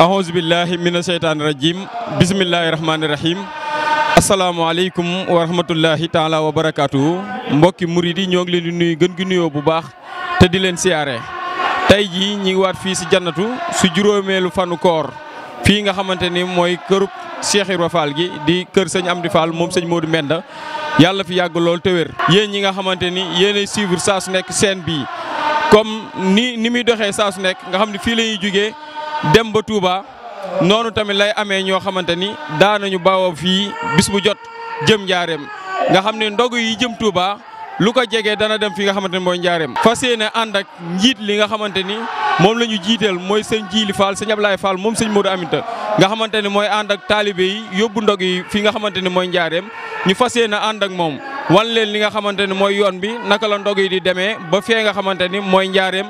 A'udzu billahi mina sheytaani rajim Bismillahirrahmanirrahim. rahmaani rahim asalaamaaleykum taala wabarakatuh. mbokki murid yi ñoo ngi leen di nuyu gën gi nuyo bu baax te di leen siaré. Tay ji ñi ngi waat fi ci jannatu su juróomeelu fanu koor Fi nga xamanteni moy keurup Cheikh Ibra gi di keur Seigne Amdi Fall mom Seigne Modou Menda. Yalla fi yag lool te wér yéen ñi nga xamanteni ni suivre saa su nekk seen comme ni ni mi doxé saa su nekk nga xamni fi fii juggé dem ba Touba noonu tamit lay amee ñoo xamante ni daanañu bawoo fii bis bu jot jëm njaareem nga xam ne ndogu yi jëm Touba lu ko jege dana dem fi nga xamante ni mooy njaareem fa yéene ànd ak njiit li nga xamante ni moom la ñu jiiteel mooy sëñ Jiili Fall sëñ Ablaye Fall moom sëñ Modou Aminta nga xamante ni mooy ànd ak taalibe yi yóbbu ndog yi fi nga xamante ni mooy njaareem ñu fas yéene ànd ak moom wan leen li nga xamanteni moy yoon bi naka la ndog yi di demee ba fi nga xamanteni moy mooy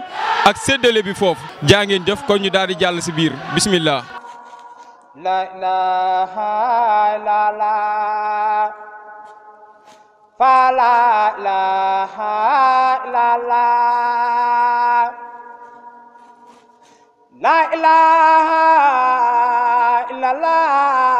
ak sédélé bi fofu jaa ngeen jëf kon ñu daali jall ci biir bismillah la ilaha la la fa la ilaha la la la ilaha illallah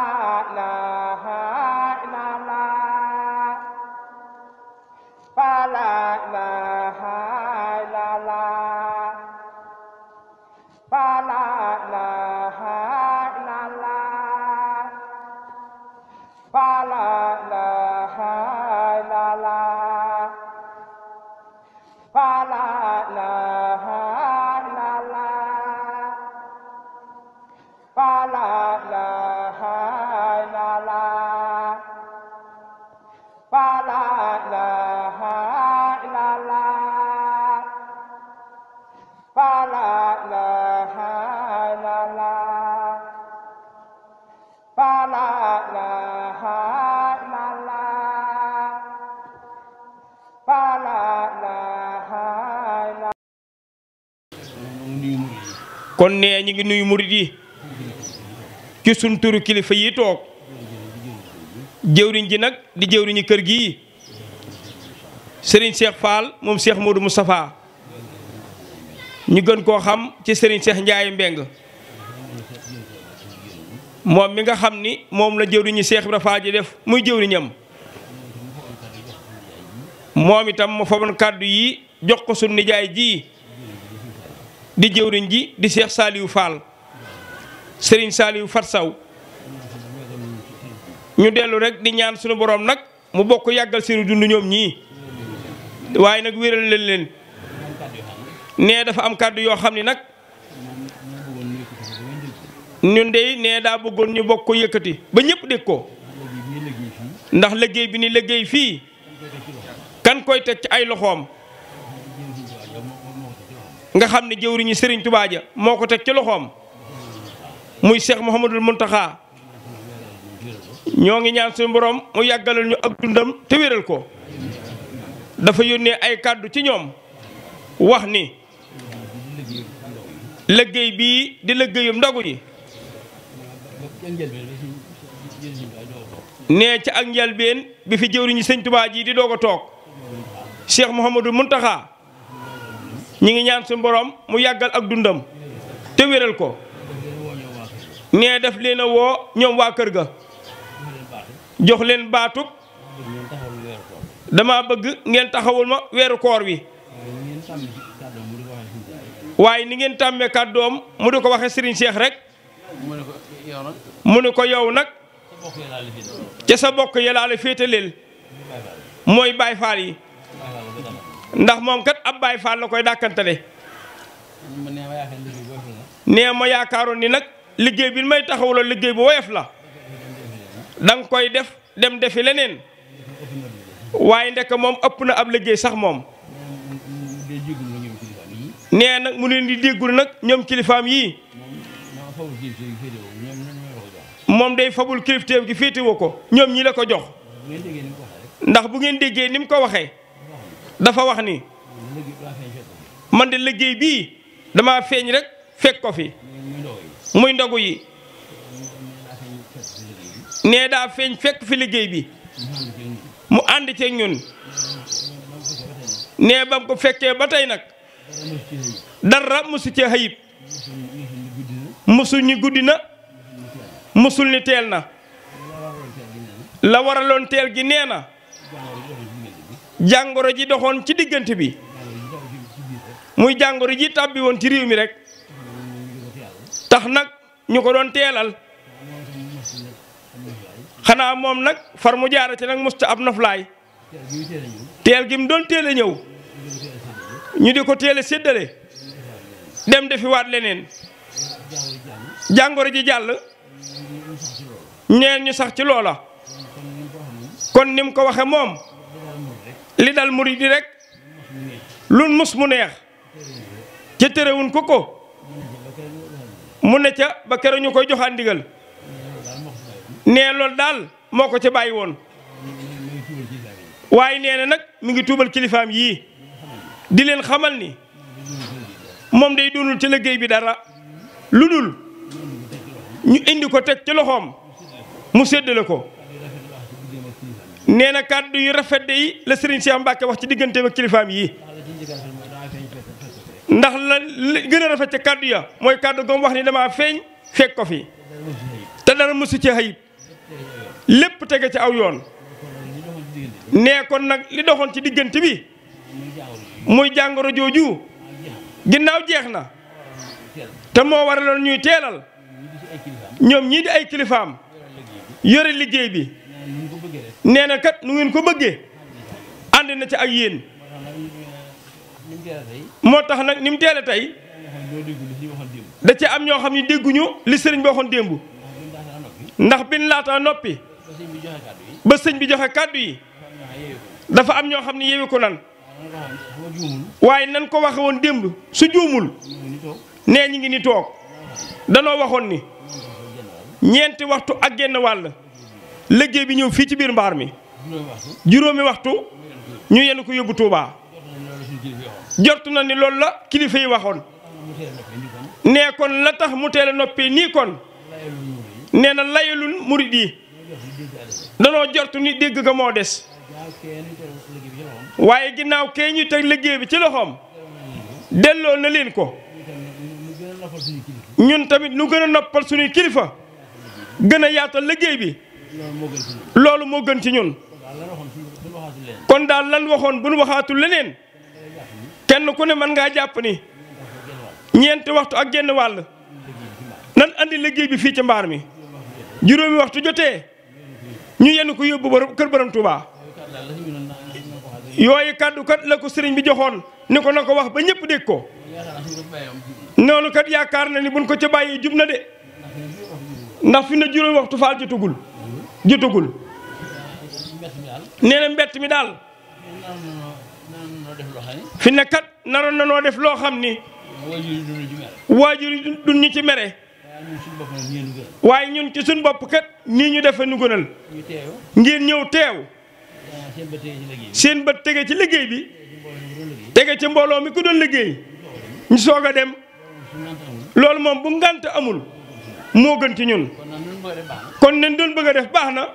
la kon nee ñu ngi nuyu murit yi ci suñ turu kilifa yi toog jëwriñ ji nag di jëwriñu kër gi sëriñ seex Fall moom Cheikh Modou Moustapha ñu gën koo xam ci sëriñ seex njaayu Mbeng moom mi nga xam ni moom la jëwriñu seex Ibra Fall ji def muy jëwriñam moom itam mu faboon kàddu yi jox ko suñ nijaay jii di jëwriñ ji di Cheikh Saliou Fall Serigne Saliou Fat Saw ñu dellu rekk di ñaan suñu borom nag mu bokk yàggal seenu dund ñoom ñii waaye nag wéral leen leen nee dafa am kàddu yoo xam ni nag ñu dey nee daa bëggoon ñu bokk ko yëkkati ba ñépp dégg ko ndax liggéey bi ni liggéey fii kan koy teg ci ay loxoom nga xam ne jëwriñu Serigne Touba ja moo ko teg ci loxoom muy Cheikh Mouhamadul Mountakha ñoo ngi ñaan suñu borom mu yàggalal ñu ak dundam te wéral ko dafa yónnee ay kàddu ci ñoom wax ni liggéey bii di liggéeyum ndogu yi nee ci ak njalbeen bi fi jëwriñu Sëñ Touba ji di doog a toog Cheikh Mouhamadul Mountakha ñu ngi ñaan si mboroom mu yàggal ak dundam te wéral ko nee def leen woo ñoom waa kër ga joxleen leen dama bëgg ngeen taxawul ma weeru koor wi waaye ni ngeen tàmmee kàddoom mu di ko waxe Serigne Cheikh rek mu ne ko yow nag ca sa bokk yalaale féetaleel mooy Baay Faal yi ndax moom kat ab Baay Faal la koy dàkkantale nee ma yaakaaroon ni nag liggéey bi may taxawuloo liggéey bu woyof la danga koy def dem defi leneen waaye ndekk moom ëpp na ab liggéey sax moom nee nag mu leen di déggul nag ñoom kilifaam yii moom day fabul kilifteem gi féetewoo ko ñoom ñi la ko jox ndax bu ngeen déggee ni mu ko waxee dafa wax ni man de liggéey bii dama feeñ rekk fekk ko fi muy ndogu yi nee daa feeñ fekk fi liggéey bi mu ànd ceeg ñun nee ba mu fekkee ba tey nag dara mosu ci xayib mosul ñi guddi na mësul ni teel na la waraloon teel gi nee na jàngoro ji doxoon ci diggante bi muy jàngoro ji tàbbi woon ci réew mi rek tax nag ñu ko doon teelal xanaa moom nag far mu jaarate nag musta ab noflaay teel gi mu doon teel a ñëw ñu di ko teel a séddale dem defi waat leneen jàngoro ji jàll ñeen ñu sax ci loola kon ni mu ko waxe moom li dal murid yi rek lu mus mu neex ca terewun ko ko mu ne ca ba keroog ñu koy joxaan ndigal nee loolu daal moo ko ca bàyyiwoon waaye nee nag mu ngi tuubal kilifaam yii di leen xamal ni moom day doonul ci liggéey bi dara lu dul ñu indi ko teg ca loxoom mu seddale ko nee na kàddu yu rafet de yi la Serigne Cheikh Mbacke wax ci digganteem ak kilifaam yi ndax la gën a rafet ci kàddu ya mooy kàddu goom wax ni damaa feeñ fekk ko fi te dara mosu ci ayib lépp tege ci aw yoon nee kon nag li doxoon ci diggante bi muy jàngoro jooju ginnaaw jeex na te moo waraloon ñuy teelal ñoom ñii di ay kilifaam yore liggéey bi nee na kat nu ngeen ko bëggee ànd na ci ak yéen moo tax nag ni mu teel a tey da ci am ñoo xam ne dégguñu li sëriñ bi waxoon démb ndax bin laata noppi ba sëñ bi joxe kàddu yi dafa am ñoo xam ne yewe ko nan waaye nan ko waxe woon démb su juumul nee ñi ngi ni toog danoo waxoon ni ñeenti waxtu ak genn wàll liggéey bi ñëw fii ci biir mbaar mi juróomi waxtu ñu yenn ko yóbbu Touba jort na ni lool la kilifa yi waxoon nee kon la tax mu teel a noppi nii kon nee na layalul murid yi danoo jort ni dégg ga moo des waaye ginnaaw kee ñuy teg liggéey bi ci loxoom delloo na leen ko ñun tamit nu gën a noppal suñuy kilifa gën a yaatal liggéey bi loolu moo gën ci ñun. kon daal lan waxoon bu nu waxaatul leneen. kenn ku ne mën ngaa jàpp ni. ñeenti waxtu ak genn wàll. nan andi liggéey bi fii ci mbaar mi. juróomi waxtu jotee. ñu yenn ko yóbbu ba kër borom Touba. yooyu kàddu la ko sëriñ bi joxoon ni ko na ko wax ba ñépp dégg ko. noonu kat yaakaar na ni buñ ko ca bàyyi jub na de. ndax fi na juróomi waxtu faal jotugul jotagul nee na mbett mi daal fi ne kat naroon na noo def loo xam ni waajur yi duñ ñu ci mere waaye ñun ci suñ bopp kat nii ñu defe nu gënal ngeen ñëw teew seen bët tege ci liggéey bi tege ci mbooloo mi ku doon liggéey ñu soog a dem loolu moom bu ngànt amul moo gën ci ñun kon nañ doon bëgg a def baax na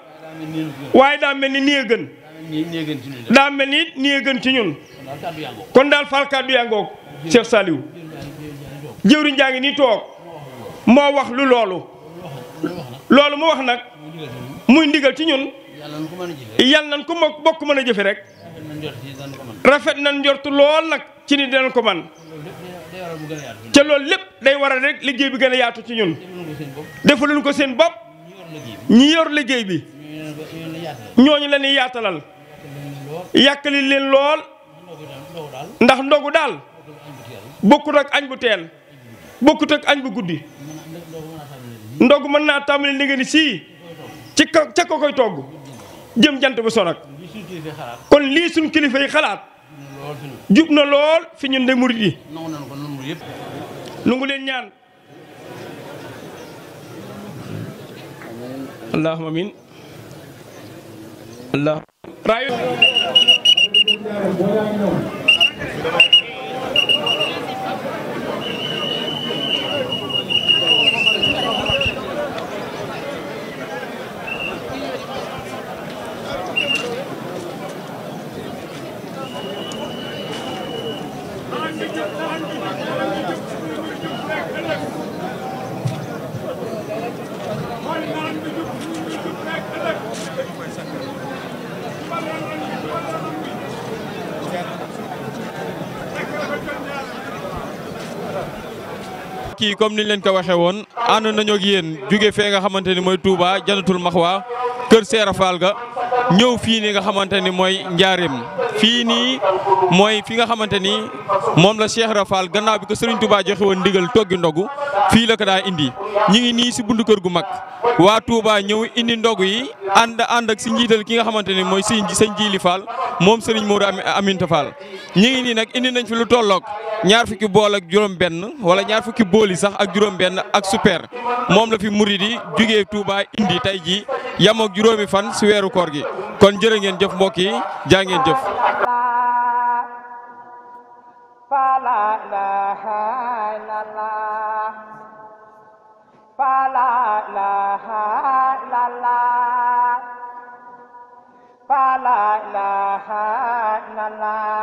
waaye daa mel ni nii a gën daa mel ni nii a gën ci ñun kon daal fal kàddu yaa ngoog Cheikh jëwriñ jaa ngi nii toog moo wax lu loolu loolu mu wax nag muy ndigal ci ñun yal nañ ko bokk mën a jëfe rek rafet nañ njortu lool nag ci ni dinañ ko man ca loolu lépp day waral rek liggéey bi gën a yaatu ci ñun. defaluñ ko seen bopp. ñi yor liggéey bi. ñooñu la ñuy yaatalal. yàkkali leen lool. ndax ndogu daal. bokkut ak añ bu teel. bokkut ak añ bu guddi. ndogu mën naa tàmbali li nga ni sii. ci ka ca ko koy togg. jëm jant bu sonak kon lii suñ kilifa yi xalaat. jub na lool fi ñun de murit yi nu ngi leen ñaan allahumma amin allah rayu yi comme niñ leen ko waxee woon ànd nañoo ak yéen jóge fee nga xamante ni mooy Touba Janatul Maxwa Kër Seera Faal ga ñëw fii nii nga xamante ni mooy njaareem fii nii mooy fi nga xamante ni moom la Cheikh Rafal gannaaw bi ko Serigne Touba joxe woon ndigal toggi ndogu fii la ko daa indi ñi ngi nii si buntu kër gu mag waa Touba ñëw indi ndogu yi ànd ànd ak si njiital ki nga xamante ni mooy sëñ Jili Fall moom Serigne Modou Aminta Fall ñi ngi nii nag indi nañ fi lu tolloog ñaar fukki bool ak juróom-benn wala ñaar fukki bool yi sax ak juróom-benn ak super moom la fi murid yi jugee Touba indi tey jii yam juróomi fan si weeru koor gi kon jërë ngeen jëf mbokk yi jaa ngeen jëf. فلا إله إلا الله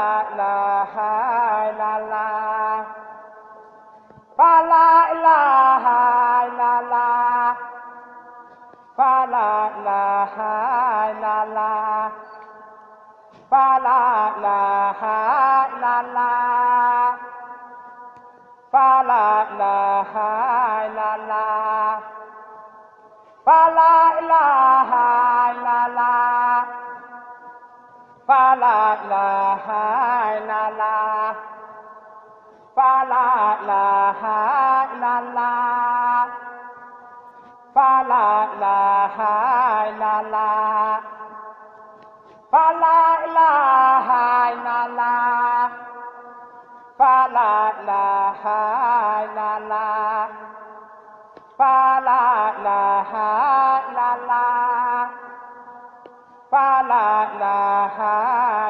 La la ilaha ha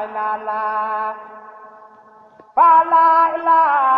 la la la la la